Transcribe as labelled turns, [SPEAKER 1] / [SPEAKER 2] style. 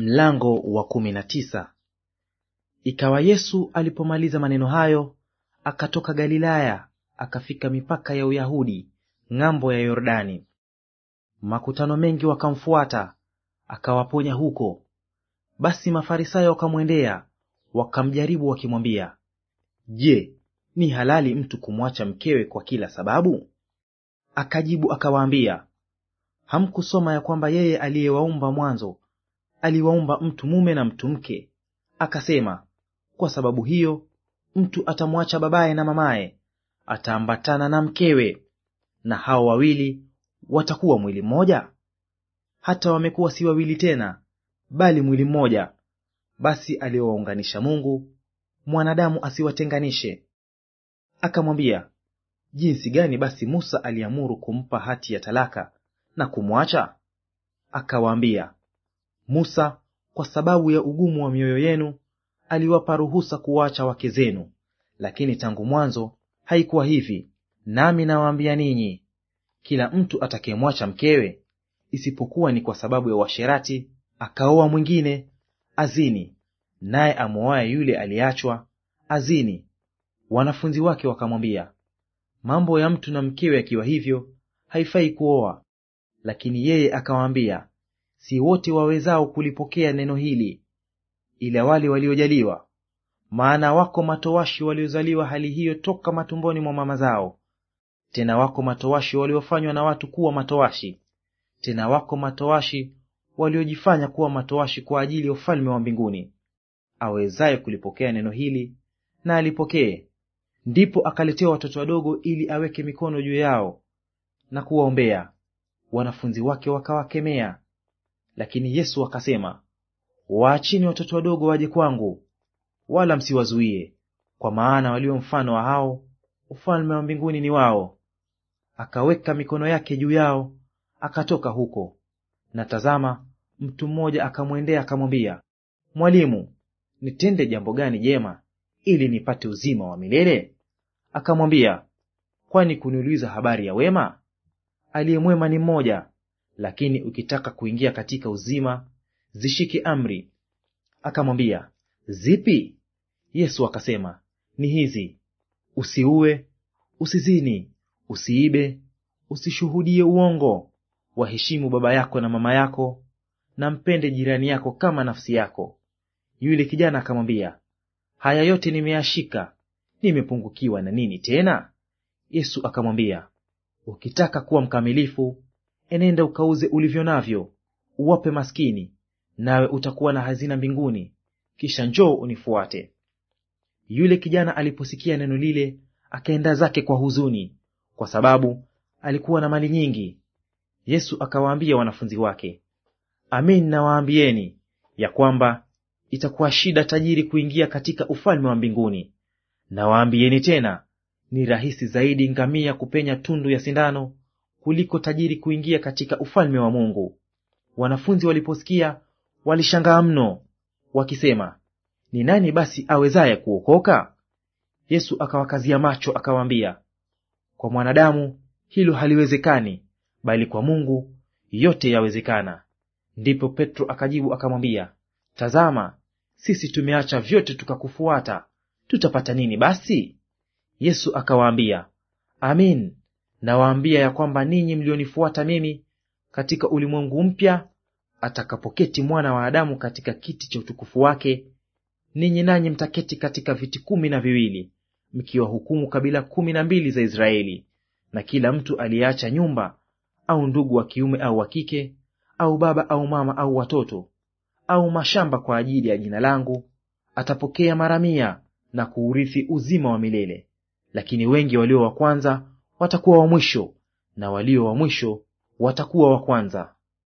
[SPEAKER 1] Mlango wa kumi na tisa. Ikawa Yesu alipomaliza maneno hayo, akatoka Galilaya akafika mipaka ya Uyahudi ng'ambo ya Yordani. Makutano mengi wakamfuata, akawaponya huko. Basi Mafarisayo wakamwendea wakamjaribu, wakimwambia, Je, ni halali mtu kumwacha mkewe kwa kila sababu? Akajibu akawaambia, hamkusoma ya kwamba yeye aliyewaumba mwanzo aliwaumba mtu mume na mtu mke, akasema, kwa sababu hiyo mtu atamwacha babaye na mamaye, ataambatana na mkewe, na hao wawili watakuwa mwili mmoja. Hata wamekuwa si wawili tena, bali mwili mmoja. Basi aliowaunganisha Mungu, mwanadamu asiwatenganishe. Akamwambia, jinsi gani basi Musa aliamuru kumpa hati ya talaka na kumwacha? Akawaambia, Musa, kwa sababu ya ugumu wa mioyo yenu, aliwapa ruhusa kuwaacha wake zenu, lakini tangu mwanzo haikuwa hivi. Nami nawaambia ninyi, kila mtu atakayemwacha mkewe, isipokuwa ni kwa sababu ya uasherati, akaoa mwingine, azini; naye amwoaye yule aliyeachwa azini. Wanafunzi wake wakamwambia, mambo ya mtu na mkewe akiwa hivyo, haifai kuoa. Lakini yeye akawaambia, si wote wawezao kulipokea neno hili, ila wale waliojaliwa. Maana wako matowashi waliozaliwa hali hiyo toka matumboni mwa mama zao, tena wako matowashi waliofanywa na watu kuwa matowashi, tena wako matowashi waliojifanya kuwa matowashi kwa ajili ya ufalme wa mbinguni. Awezaye kulipokea neno hili na alipokee. Ndipo akaletewa watoto wadogo ili aweke mikono juu yao na kuwaombea. Wanafunzi wake wakawakemea lakini Yesu akasema, waachini watoto wadogo waje kwangu, wala msiwazuie, kwa maana walio mfano wa hao ufalme wa mbinguni ni wao. Akaweka mikono yake juu yao, akatoka huko. Na tazama, mtu mmoja akamwendea akamwambia, Mwalimu, nitende jambo gani jema ili nipate uzima wa milele? Akamwambia, kwani kuniuliza habari ya wema? Aliye mwema ni mmoja, lakini ukitaka kuingia katika uzima, zishike amri. Akamwambia, zipi? Yesu akasema, ni hizi: usiue, usizini, usiibe, usishuhudie uongo, waheshimu baba yako na mama yako, na mpende jirani yako kama nafsi yako. Yule kijana akamwambia, haya yote nimeyashika, nimepungukiwa na nini tena? Yesu akamwambia, ukitaka kuwa mkamilifu enenda ukauze ulivyo navyo, uwape maskini, nawe utakuwa na hazina mbinguni, kisha njoo unifuate. Yule kijana aliposikia neno lile, akaenda zake kwa huzuni, kwa sababu alikuwa na mali nyingi. Yesu akawaambia wanafunzi wake, amin nawaambieni ya kwamba itakuwa shida tajiri kuingia katika ufalme wa mbinguni. Nawaambieni tena, ni rahisi zaidi ngamia kupenya tundu ya sindano kuliko tajiri kuingia katika ufalme wa Mungu. Wanafunzi waliposikia walishangaa mno, wakisema, ni nani basi awezaye kuokoka? Yesu akawakazia macho akawaambia, kwa mwanadamu hilo haliwezekani, bali kwa Mungu yote yawezekana. Ndipo Petro akajibu akamwambia, tazama, sisi tumeacha vyote tukakufuata, tutapata nini basi? Yesu akawaambia, amin nawaambia ya kwamba ninyi mlionifuata mimi katika ulimwengu mpya, atakapoketi mwana wa Adamu katika kiti cha utukufu wake, ninyi nanyi mtaketi katika viti kumi na viwili, mkiwahukumu kabila kumi na mbili za Israeli. Na kila mtu aliyeacha nyumba au ndugu wa kiume au wa kike au baba au mama au watoto au mashamba kwa ajili ya jina langu atapokea mara mia na kuurithi uzima wa milele. Lakini wengi walio wa kwanza watakuwa wa mwisho, na walio wa mwisho watakuwa wa kwanza.